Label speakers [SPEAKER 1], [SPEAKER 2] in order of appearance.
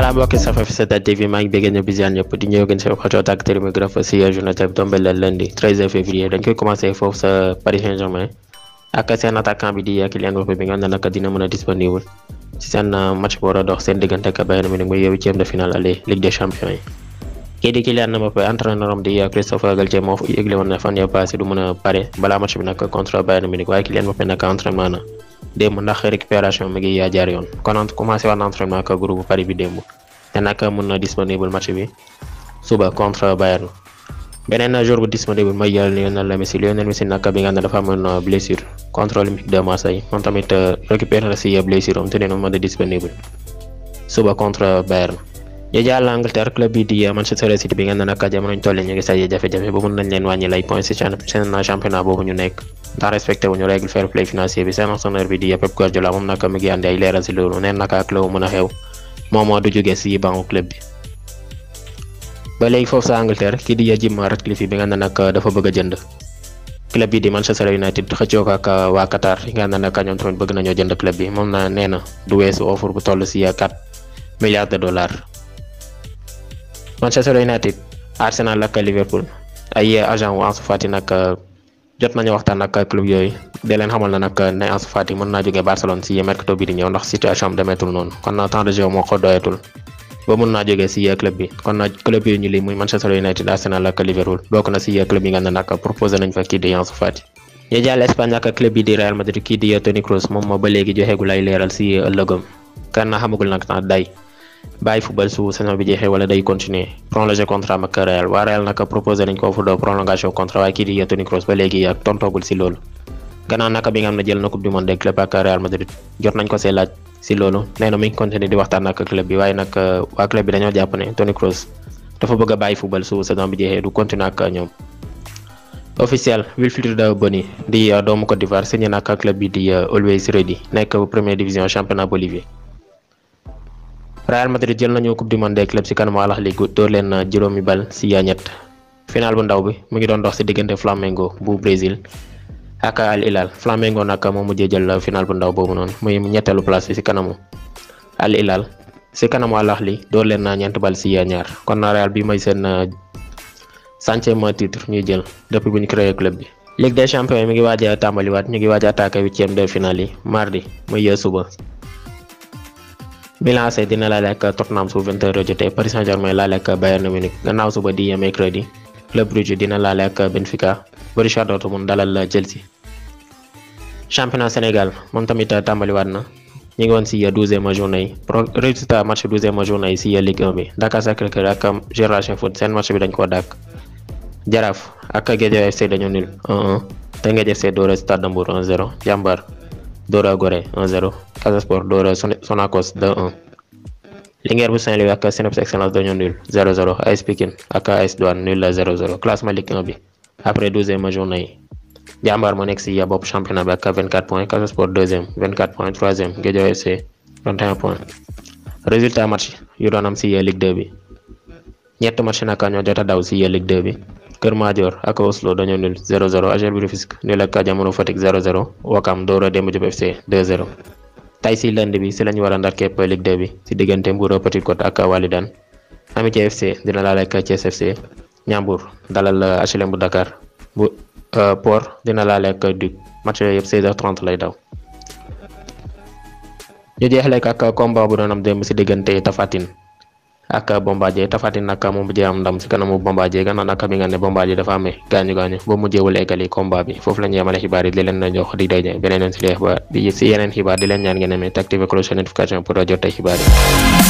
[SPEAKER 1] salaam mbokki safa fi Seta TV maa ngi bégee ñëpp di ziar ñëpp di ñëw gën seen xotoo ak si journée tey tombé le lundi 13 dañ koy commencé foofu sa Paris Saint-Germain ak seen attaquant bi di Kylian Mbappé bi nga xam ne dina mën a disponible ci seen euh, match bu war seen diggante ak Bayern Munich muy di Kylian Mbappé entraîneur am di euh, Christophe moo yëgle woon ne fan ya passé mën a pare balaa match bi nag contre Bayern Munich waaye démb ndax récupération mi ngi yaa jaar yoon kon commencé war na entraînement ak groupe Paris bi démb te nag mën na disponible match bi suba contre Bayern beneen jour bu disponible mooy Lionel Messi Lionel Messi nag bi nga xam ne dafa amoon blessure contre Olympique de Marseille moom tamit euh, récupéré na si blessure am te nee na mën disponible suba contre Bayern ñu jàll Angleterre club bi di Manchester City bi nga xam ne nag ñu toll boobu ñu nekk. ndax respecté ñu règle fair play financier bi seen entraîneur bi di Pep Guardiola moom naka mi ngi àndi ay leeral si loolu neen naka ak si bangu club ba léegi foofu sa Angleterre kii di Jim Ratcliffe bi nga ne nag bëgg jënd club bi di Manchester United xëccoo ko ak uh, waa Qatar yi nga bëgg nañoo jënd club bi moom na nee na du weesu offre toll si 4 uh, milliards de dollars. Manchester United Arsenal ak Liverpool ay uh, agent wu Ansu Fati nag. jot nañu waxtaan ak club yooyu de leen xamal na nag ne Ansu mën naa jógee Barcelone si mercato bi di ñëw ndax situation am noonu kon temps de moo ko doyatul ba mën naa jógee si club bi kon na club yi ñu li muy Manchester United Arsenal ak Liverpool bokk na si club yi nga ne nag proposé nañ fa kii di Ansu Fati ñu jàll Espagne ak club yi di Real Madrid kii di Toni Kroos moom ba léegi joxeegul bàyyi football su saison bi jeexee wala day continuer prolonger contrat am Real waa Real naka proposé nañ ko offre de prolongation contrat waaye kii di Toni Kroos ba léegi ak tontoogul si loolu gannaaw naka bi nga xam ne jël na coupe du monde des clubs ak Real Madrid jot nañ ko see laaj si loolu nee na continuer di waxtaan ak club bi waaye nag euh, waa club bi dañoo jàpp ne Toni Kroos dafa bëgg bàyyi football su saison bi jeexee du continuer ak ñoom. officiel di euh, doomu Côte d'Ivoire signé na ak di euh, Always nekk première division championnat Bolivie. Real Madrid jël nañu coupe du monde des clubs ci kanamu Al door leen juróomi bal ci yaa ñett final bu ndaw bi mu ngi doon dox ci diggante Flamengo bu Brésil ak Al Hilal Flamengo nag moo mujjee jël final bu ndaw boobu noonu muy ñetteelu place bi ci kanamu Al Hilal ci kanamu Al Ahly door leen ñeent bal ci yaa ñaar kon na Real bi may seen centième titre ñuy jël depuis bu ñu créé club bi. Ligue des champions mi ngi waaj tàmbaliwaat ñu ngi waaj a attaqué huitième de finale yi mardi Milan AC dina laale ak Tottenham su 20h jotee Paris Saint-Germain laale ak Bayern Munich gannaaw suba di mercredi Club Brugge dina laale ak Benfica Borussia Dortmund dalal Chelsea. championnat Sénégal moom tamit tàmbaliwaat na ñu ngi woon si 12e journée yi pro résultat match 12e journée yi si Ligue 1 bi Dakar Sacré-Cœur ak Génération Foot seen match bi dañ koo dàkk. Jaraaf ak Guédiawaye FC dañoo nul 1-1 te Teungueth FC doore Stade de Mbour Dóora Gorée 1-0 Casa Sport Dóora Sonacos li 1 Linguère bu Saint-Louis ak Cneps Excellence dañoo nul 0-0 AS Pikine ak AS Douane nul la 0-0 classement Ligue 1 bi après 12e journée yi Jàmbaar moo nekk si bopp championnat bi ak 24 points Casa Sport 2e 24 points 3e Guédiawaye FC 21 points. résultat match yu doon am si Ligue 2 bi ñett match naka ñoo jot daw si Ligue 2 bi. Kër Madior ak Oslo dañoo nul 0-0 AGR bu Rufisque nul ak Jamono Fatick 0-0 Wakam door a Demba FC tay si lënd bi si lañu war a ndar képp Ligue 2 bi si diggante Mbour Petite Côte ak Walidane Amitié FC dina laale ak Thiès FC dalal HLM bu Dakar bu euh, Port dina la ak Duc match yooyu yëpp lay daw. ñu jeexle ak combat bu doon am démb diggante Tapha ak Bombardier Tafatine nag mu mujjee am ndam si kanamu Bombardier gannaaw nag bi nga ne Bombardier dafa amee gaañu gaañu ba mujjeewul eggali combat bi foofu la ñu yemale xibaar yi di leen na jox di daje beneen yoon si yeneen xibaar di leen ñaan ngeen amee te notification pour a jot ay